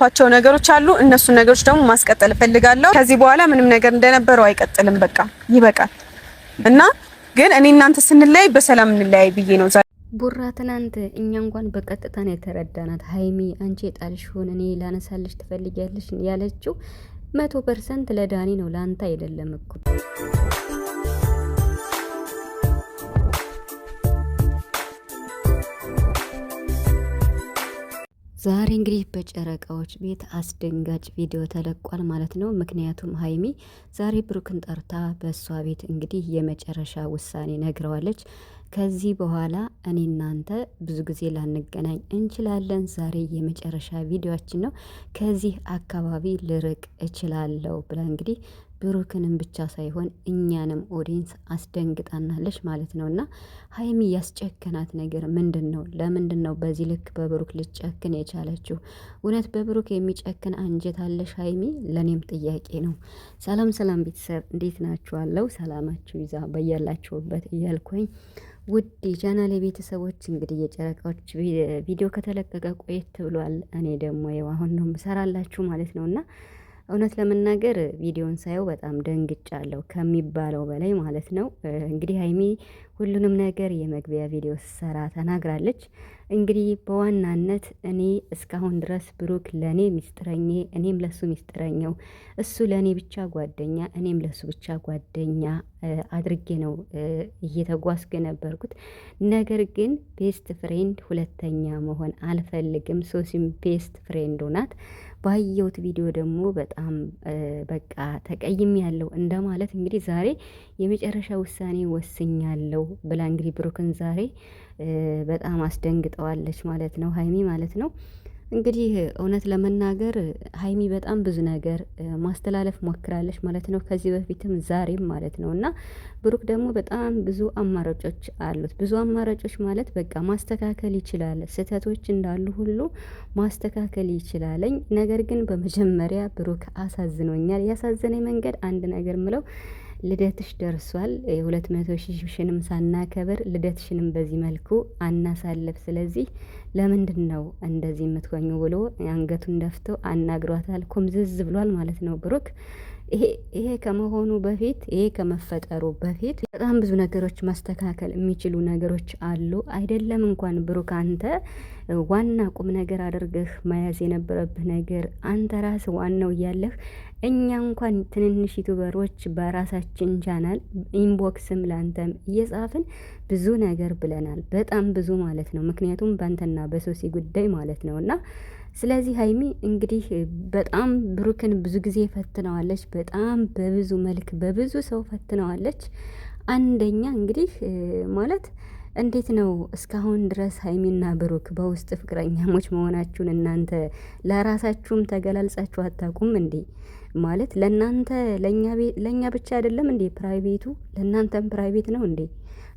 ኳቸው ነገሮች አሉ። እነሱን ነገሮች ደግሞ ማስቀጠል እፈልጋለሁ። ከዚህ በኋላ ምንም ነገር እንደነበረው አይቀጥልም። በቃ ይበቃል እና ግን እኔ እናንተ ስንለያይ በሰላም እንለያይ ብዬ ነው። ቡራ ትናንት እኛ እንኳን በቀጥታ ነው የተረዳናት። ሀይሚ አንቺ የጣልሽውን እኔ ላነሳልሽ ትፈልጊያለሽ ያለችው መቶ ፐርሰንት ለዳኒ ነው ለአንተ አይደለም እኮ ዛሬ እንግዲህ በጨረቃዎች ቤት አስደንጋጭ ቪዲዮ ተለቋል ማለት ነው። ምክንያቱም ሀይሚ ዛሬ ብሩክን ጠርታ በእሷ ቤት እንግዲህ የመጨረሻ ውሳኔ ነግረዋለች። ከዚህ በኋላ እኔ እናንተ ብዙ ጊዜ ላንገናኝ እንችላለን። ዛሬ የመጨረሻ ቪዲዮችን ነው፣ ከዚህ አካባቢ ልርቅ እችላለሁ ብላ እንግዲህ ብሩክንም ብቻ ሳይሆን እኛንም ኦዲንስ አስደንግጣናለች ማለት ነው። እና ሀይሚ ያስጨከናት ነገር ምንድን ነው? ለምንድን ነው በዚህ ልክ በብሩክ ልጨክን የቻለችው? እውነት በብሩክ የሚጨክን አንጀት አለሽ ሀይሚ? ለእኔም ጥያቄ ነው። ሰላም ሰላም ቤተሰብ እንዴት ናችኋለሁ? ሰላማችሁ ይዛ በያላችሁበት እያልኩኝ ውድ የቻናል የቤተሰቦች እንግዲህ የጨረቃዎች ቪዲዮ ከተለቀቀ ቆየት ብሏል። እኔ ደግሞ የው አሁን ነው ምሰራላችሁ ማለት ነው እና እውነት ለመናገር ቪዲዮን ሳየው በጣም ደንግጫለሁ ከሚባለው በላይ ማለት ነው። እንግዲህ ሀይሚ ሁሉንም ነገር የመግቢያ ቪዲዮ ስሰራ ተናግራለች። እንግዲህ በዋናነት እኔ እስካሁን ድረስ ብሩክ ለእኔ ሚስጥረኜ፣ እኔም ለሱ ሚስጥረኛው፣ እሱ ለእኔ ብቻ ጓደኛ፣ እኔም ለሱ ብቻ ጓደኛ አድርጌ ነው እየተጓዝኩ የነበርኩት። ነገር ግን ቤስት ፍሬንድ ሁለተኛ መሆን አልፈልግም። ሶሲም ቤስት ፍሬንዱ ናት። ባየሁት ቪዲዮ ደግሞ በጣም በቃ ተቀይም ያለው እንደማለት እንግዲህ ዛሬ የመጨረሻ ውሳኔ ወስኛለሁ ብላ እንግዲህ ብሩክን ዛሬ በጣም አስደንግጠዋለች ማለት ነው ሀይሚ ማለት ነው። እንግዲህ እውነት ለመናገር ሀይሚ በጣም ብዙ ነገር ማስተላለፍ ሞክራለች ማለት ነው። ከዚህ በፊትም ዛሬም ማለት ነው እና ብሩክ ደግሞ በጣም ብዙ አማራጮች አሉት። ብዙ አማራጮች ማለት በቃ ማስተካከል ይችላል። ስህተቶች እንዳሉ ሁሉ ማስተካከል ይችላለኝ። ነገር ግን በመጀመሪያ ብሩክ አሳዝኖኛል። ያሳዘነኝ መንገድ አንድ ነገር ምለው ልደትሽ ደርሷል። የሁለት መቶ ሺሽንም ሳናከብር ልደትሽንም በዚህ መልኩ አናሳለፍ። ስለዚህ ለምንድን ነው እንደዚህ የምትሆኙ ብሎ አንገቱን ደፍቶ አናግሯታል። ኮምዝዝ ብሏል ማለት ነው ብሩክ ይሄ ከመሆኑ በፊት ይሄ ከመፈጠሩ በፊት በጣም ብዙ ነገሮች ማስተካከል የሚችሉ ነገሮች አሉ። አይደለም እንኳን ብሩክ አንተ ዋና ቁም ነገር አድርገህ መያዝ የነበረብህ ነገር አንተ ራስህ ዋናው እያለህ እኛ እንኳን ትንንሽ ዩቱበሮች በራሳችን ቻናል ኢንቦክስም ለአንተም እየጻፍን ብዙ ነገር ብለናል። በጣም ብዙ ማለት ነው። ምክንያቱም በአንተና በሶሲ ጉዳይ ማለት ነው እና ስለዚህ ሀይሚ እንግዲህ በጣም ብሩክን ብዙ ጊዜ ፈትነዋለች። በጣም በብዙ መልክ በብዙ ሰው ፈትነዋለች። አንደኛ እንግዲህ ማለት እንዴት ነው እስካሁን ድረስ ሀይሚና ብሩክ በውስጥ ፍቅረኛሞች መሆናችሁን እናንተ ለራሳችሁም ተገላልጻችሁ አታውቁም እንዴ? ማለት ለእናንተ ለእኛ ብቻ አይደለም እንዴ ፕራይቬቱ? ለእናንተም ፕራይቬት ነው እንዴ?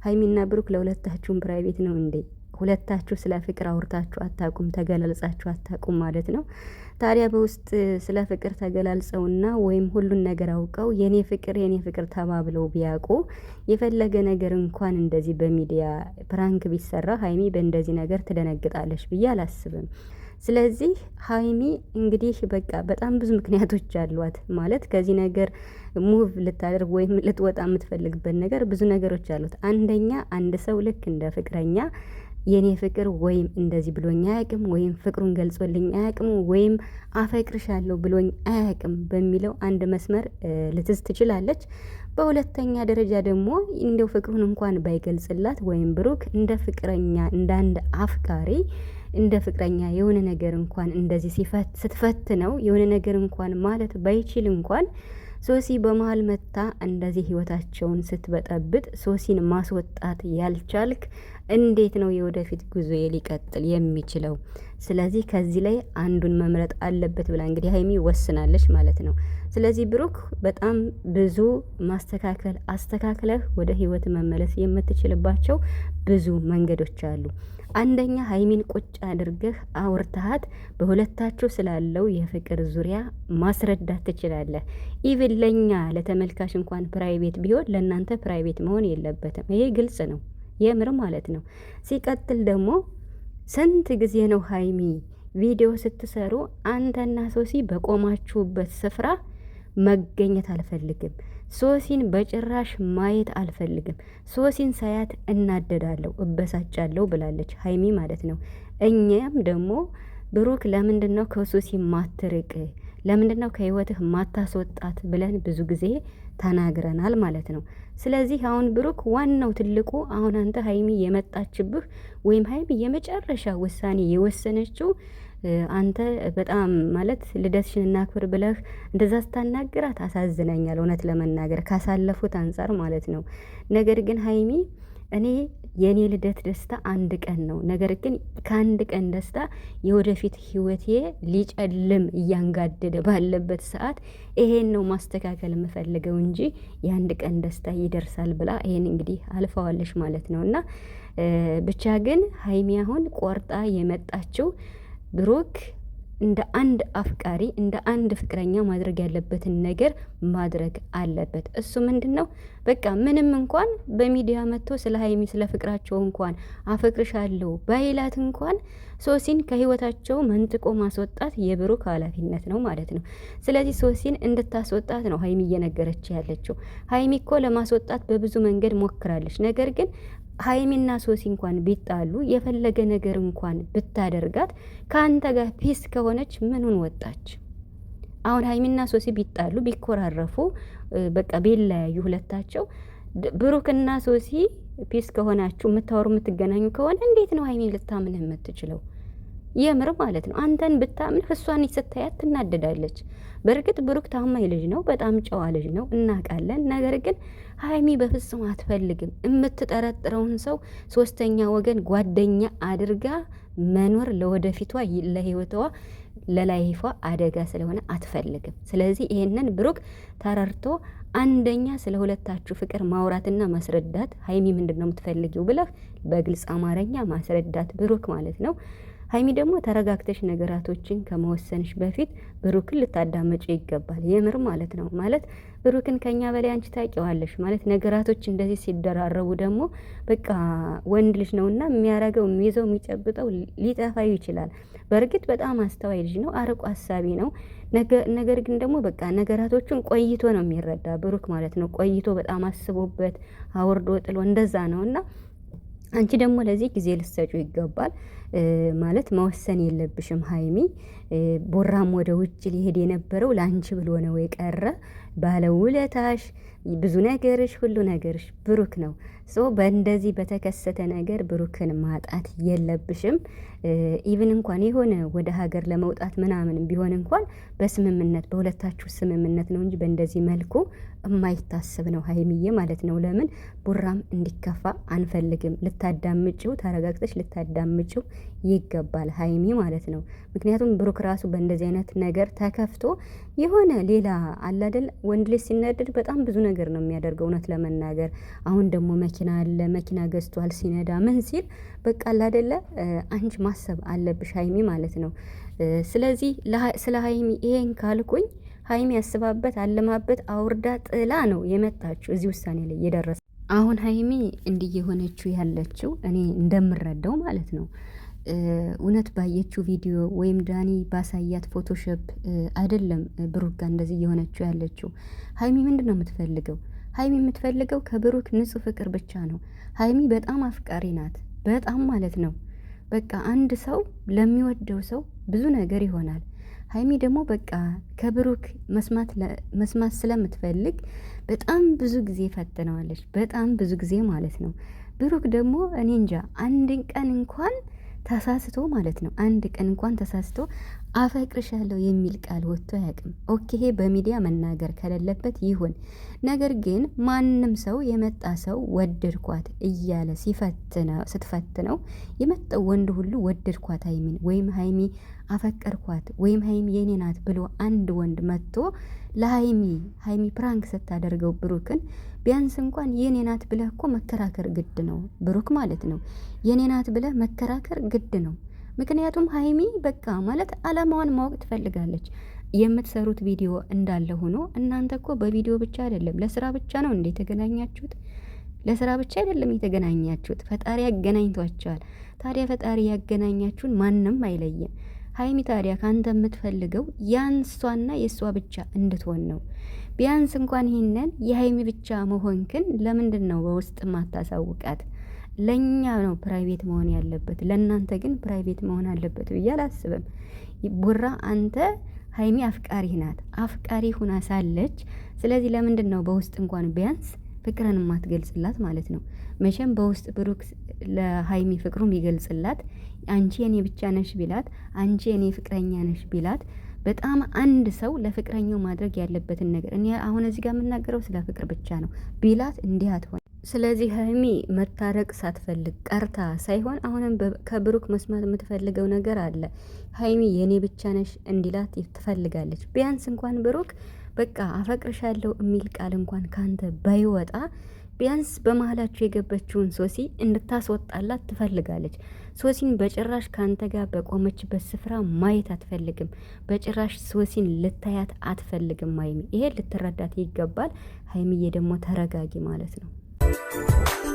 ሀይሚና ብሩክ ለሁለታችሁም ፕራይቬት ነው እንዴ? ሁለታችሁ ስለ ፍቅር አውርታችሁ አታቁም፣ ተገላልጻችሁ አታቁም ማለት ነው። ታዲያ በውስጥ ስለ ፍቅር ተገላልጸውና ወይም ሁሉን ነገር አውቀው የኔ ፍቅር የኔ ፍቅር ተባብለው ቢያውቁ የፈለገ ነገር እንኳን እንደዚህ በሚዲያ ፕራንክ ቢሰራ ሀይሚ በእንደዚህ ነገር ትደነግጣለች ብዬ አላስብም። ስለዚህ ሀይሚ እንግዲህ በቃ በጣም ብዙ ምክንያቶች አሏት ማለት ከዚህ ነገር ሙቭ ልታደርግ ወይም ልትወጣ የምትፈልግበት ነገር ብዙ ነገሮች አሉት። አንደኛ አንድ ሰው ልክ እንደ ፍቅረኛ የኔ ፍቅር ወይም እንደዚህ ብሎኝ አያቅም፣ ወይም ፍቅሩን ገልጾልኝ አያቅም፣ ወይም አፈቅርሻለሁ ብሎኝ አያቅም በሚለው አንድ መስመር ልትዝ ትችላለች። በሁለተኛ ደረጃ ደግሞ እንደው ፍቅሩን እንኳን ባይገልጽላት ወይም ብሩክ እንደ ፍቅረኛ እንደ አንድ አፍቃሪ እንደ ፍቅረኛ የሆነ ነገር እንኳን እንደዚህ ስትፈት ነው የሆነ ነገር እንኳን ማለት ባይችል እንኳን ሶሲ በመሀል መታ እንደዚህ ህይወታቸውን ስትበጠብጥ ሶሲን ማስወጣት ያልቻልክ እንዴት ነው የወደፊት ጉዞ ሊቀጥል የሚችለው? ስለዚህ ከዚህ ላይ አንዱን መምረጥ አለበት ብላ እንግዲህ ሀይሚ ወስናለች ማለት ነው። ስለዚህ ብሩክ በጣም ብዙ ማስተካከል አስተካክለህ ወደ ህይወት መመለስ የምትችልባቸው ብዙ መንገዶች አሉ። አንደኛ ሀይሚን ቁጭ አድርገህ አውርተሃት በሁለታችሁ ስላለው የፍቅር ዙሪያ ማስረዳት ትችላለህ። ኢቭን ለእኛ ለተመልካች እንኳን ፕራይቬት ቢሆን ለእናንተ ፕራይቬት መሆን የለበትም። ይሄ ግልጽ ነው፣ የምር ማለት ነው። ሲቀጥል ደግሞ ስንት ጊዜ ነው ሀይሚ ቪዲዮ ስትሰሩ አንተና ሶሲ በቆማችሁበት ስፍራ መገኘት አልፈልግም። ሶሲን በጭራሽ ማየት አልፈልግም። ሶሲን ሳያት እናደዳለሁ፣ እበሳጫለሁ ብላለች ሀይሚ ማለት ነው። እኛም ደግሞ ብሩክ ለምንድን ነው ከሶሲ ማትርቅ ለምንድን ነው ከህይወትህ ማታስወጣት ብለን ብዙ ጊዜ ተናግረናል ማለት ነው። ስለዚህ አሁን ብሩክ ዋናው ትልቁ አሁን አንተ ሀይሚ የመጣችብህ ወይም ሀይሚ የመጨረሻ ውሳኔ የወሰነችው አንተ በጣም ማለት ልደትሽን እናክብር ብለህ እንደዛ ስታናግራት አሳዝነኛል፣ እውነት ለመናገር ካሳለፉት አንጻር ማለት ነው። ነገር ግን ሀይሚ እኔ የእኔ ልደት ደስታ አንድ ቀን ነው። ነገር ግን ከአንድ ቀን ደስታ የወደፊት ህይወቴ ሊጨልም እያንጋደደ ባለበት ሰዓት ይሄን ነው ማስተካከል የምፈልገው እንጂ የአንድ ቀን ደስታ ይደርሳል ብላ ይሄን እንግዲህ አልፈዋለች ማለት ነው እና ብቻ ግን ሀይሚ አሁን ቆርጣ የመጣችው ብሩክ እንደ አንድ አፍቃሪ እንደ አንድ ፍቅረኛ ማድረግ ያለበትን ነገር ማድረግ አለበት። እሱ ምንድን ነው? በቃ ምንም እንኳን በሚዲያ መጥቶ ስለ ሀይሚ ስለ ፍቅራቸው እንኳን አፈቅርሻለሁ ባይላት እንኳን ሶሲን ከህይወታቸው መንጥቆ ማስወጣት የብሩክ ኃላፊነት ነው ማለት ነው። ስለዚህ ሶሲን እንድታስወጣት ነው ሀይሚ እየነገረች ያለችው። ሀይሚ እኮ ለማስወጣት በብዙ መንገድ ሞክራለች። ነገር ግን ሀይሚና ሶሲ እንኳን ቢጣሉ የፈለገ ነገር እንኳን ብታደርጋት ከአንተ ጋር ፒስ ከሆነች ምኑን ወጣች? አሁን ሀይሚና ሶሲ ቢጣሉ ቢኮራረፉ፣ በቃ ቢለያዩ ሁለታቸው ብሩክና ሶሲ ፒስ ከሆናችሁ የምታወሩ የምትገናኙ ከሆነ እንዴት ነው ሀይሚን ልታምንህ የምትችለው? የምር ማለት ነው። አንተን ብታምንህ እሷን ስታያት ትናደዳለች። በእርግጥ ብሩክ ታማኝ ልጅ ነው፣ በጣም ጨዋ ልጅ ነው፣ እናውቃለን። ነገር ግን ሀይሚ በፍጹም አትፈልግም። የምትጠረጥረውን ሰው ሶስተኛ ወገን ጓደኛ አድርጋ መኖር ለወደፊቷ ለህይወቷ ለላይፏ አደጋ ስለሆነ አትፈልግም። ስለዚህ ይሄንን ብሩክ ተረድቶ አንደኛ ስለ ሁለታችሁ ፍቅር ማውራትና ማስረዳት ሀይሚ ምንድን ነው የምትፈልጊው ብለህ በግልጽ አማርኛ ማስረዳት ብሩክ ማለት ነው። ሀይሚ ደግሞ ተረጋግተሽ ነገራቶችን ከመወሰንሽ በፊት ብሩክን ልታዳመጭ ይገባል። የምር ማለት ነው። ማለት ብሩክን ከኛ በላይ አንቺ ታውቂዋለሽ። ማለት ነገራቶች እንደዚህ ሲደራረቡ ደግሞ በቃ ወንድ ልጅ ነውና የሚያረገው የሚይዘው የሚጨብጠው ሊጠፋዩ ይችላል። በእርግጥ በጣም አስተዋይ ልጅ ነው፣ አርቆ አሳቢ ነው። ነገር ግን ደግሞ በቃ ነገራቶቹን ቆይቶ ነው የሚረዳ ብሩክ ማለት ነው። ቆይቶ በጣም አስቦበት አውርዶ ጥሎ እንደዛ ነው እና አንቺ ደግሞ ለዚህ ጊዜ ልሰጩ ይገባል። ማለት መወሰን የለብሽም ሀይሚ ቦራም ወደ ውጭ ሊሄድ የነበረው ለአንቺ ብሎ ነው የቀረ። ባለውለታሽ፣ ብዙ ነገርሽ፣ ሁሉ ነገርሽ ብሩክ ነው። ሶ በእንደዚህ በተከሰተ ነገር ብሩክን ማጣት የለብሽም። ኢቭን እንኳን የሆነ ወደ ሀገር ለመውጣት ምናምን ቢሆን እንኳን በስምምነት በሁለታችሁ ስምምነት ነው እንጂ በእንደዚህ መልኩ የማይታሰብ ነው ሀይሚዬ ማለት ነው። ለምን ቡራም እንዲከፋ አንፈልግም። ልታዳምጭው፣ ተረጋግተሽ ልታዳምጭው ይገባል ሀይሚ ማለት ነው። ምክንያቱም ብሩክ ራሱ በእንደዚህ አይነት ነገር ተከፍቶ የሆነ ሌላ አላደል ወንድ ልጅ ሲናደድ በጣም ብዙ ነገር ነው የሚያደርገው እውነት ለመናገር አሁን ደግሞ መኪና አለ መኪና ገዝቷል ሲነዳ ምን ሲል በቃ አላደለ አንቺ ማሰብ አለብሽ ሀይሚ ማለት ነው ስለዚህ ስለ ሀይሚ ይሄን ካልኩኝ ሀይሚ ያስባበት አለማበት አውርዳ ጥላ ነው የመጣችው እዚህ ውሳኔ ላይ የደረሰ አሁን ሀይሚ እንዲህ የሆነችው ያለችው እኔ እንደምረዳው ማለት ነው እውነት ባየችው ቪዲዮ ወይም ዳኒ ባሳያት ፎቶሾፕ አይደለም ብሩክ ጋር እንደዚህ እየሆነችው ያለችው። ሀይሚ ምንድን ነው የምትፈልገው? ሀይሚ የምትፈልገው ከብሩክ ንጹህ ፍቅር ብቻ ነው። ሀይሚ በጣም አፍቃሪ ናት፣ በጣም ማለት ነው። በቃ አንድ ሰው ለሚወደው ሰው ብዙ ነገር ይሆናል። ሀይሚ ደግሞ በቃ ከብሩክ መስማት ስለምትፈልግ በጣም ብዙ ጊዜ ፈትነዋለች፣ በጣም ብዙ ጊዜ ማለት ነው። ብሩክ ደግሞ እኔ እንጃ አንድን ቀን እንኳን ተሳስቶ ማለት ነው። አንድ ቀን እንኳን ተሳስቶ አፈቅርሻለሁ የሚል ቃል ወጥቶ አያውቅም። ኦኬ በሚዲያ መናገር ከሌለበት ይሁን። ነገር ግን ማንም ሰው የመጣ ሰው ወደድኳት እያለ ስትፈትነው የመጣው ወንድ ሁሉ ወደድኳት ሀይሚን ወይም ሀይሚ አፈቀርኳት ወይም ሀይሚ የኔ ናት ብሎ አንድ ወንድ መጥቶ ለሀይሚ ሀይሚ ፕራንክ ስታደርገው ብሩክን ቢያንስ እንኳን የኔ ናት ብለህ እኮ መከራከር ግድ ነው። ብሩክ ማለት ነው የኔ ናት ብለህ መከራከር ግድ ነው። ምክንያቱም ሀይሚ በቃ ማለት አላማዋን ማወቅ ትፈልጋለች። የምትሰሩት ቪዲዮ እንዳለ ሆኖ እናንተ እኮ በቪዲዮ ብቻ አይደለም ለስራ ብቻ ነው እንዴ የተገናኛችሁት? ለስራ ብቻ አይደለም የተገናኛችሁት፣ ፈጣሪ ያገናኝቷቸዋል። ታዲያ ፈጣሪ ያገናኛችሁን ማንም አይለየም። ሀይሚ ታዲያ ከአንተ የምትፈልገው ያንሷና የእሷ ብቻ እንድትሆን ነው። ቢያንስ እንኳን ይህንን የሀይሚ ብቻ መሆንክን ለምንድን ነው በውስጥ ማታሳውቃት? ለእኛ ነው ፕራይቬት መሆን ያለበት፣ ለእናንተ ግን ፕራይቬት መሆን አለበት ብዬ አላስብም። ቡራ አንተ ሀይሚ አፍቃሪ ናት፣ አፍቃሪ ሁና ሳለች ስለዚህ ለምንድን ነው በውስጥ እንኳን ቢያንስ ፍቅርን የማትገልጽላት ማለት ነው? መቼም በውስጥ ብሩክ ለሀይሚ ፍቅሩ ቢገልጽላት፣ አንቺ የኔ ብቻ ነሽ ቢላት፣ አንቺ የኔ ፍቅረኛ ነሽ ቢላት በጣም አንድ ሰው ለፍቅረኛው ማድረግ ያለበትን ነገር እኔ አሁን እዚህ ጋር የምናገረው ስለ ፍቅር ብቻ ነው ቢላት እንዲህ አትሆን ስለዚህ ሀይሚ መታረቅ ሳትፈልግ ቀርታ ሳይሆን አሁንም ከብሩክ መስማት የምትፈልገው ነገር አለ። ሀይሚ የእኔ ብቻ ነሽ እንዲላት ትፈልጋለች። ቢያንስ እንኳን ብሩክ በቃ አፈቅርሻለሁ የሚል ቃል እንኳን ካንተ ባይወጣ ቢያንስ በመሀላችሁ የገበችውን ሶሲ እንድታስወጣላት ትፈልጋለች። ሶሲን በጭራሽ ከአንተ ጋር በቆመችበት ስፍራ ማየት አትፈልግም። በጭራሽ ሶሲን ልታያት አትፈልግም። ሀይሚ ይሄ ልትረዳት ይገባል። ሀይሚዬ ደግሞ ተረጋጊ ማለት ነው። Música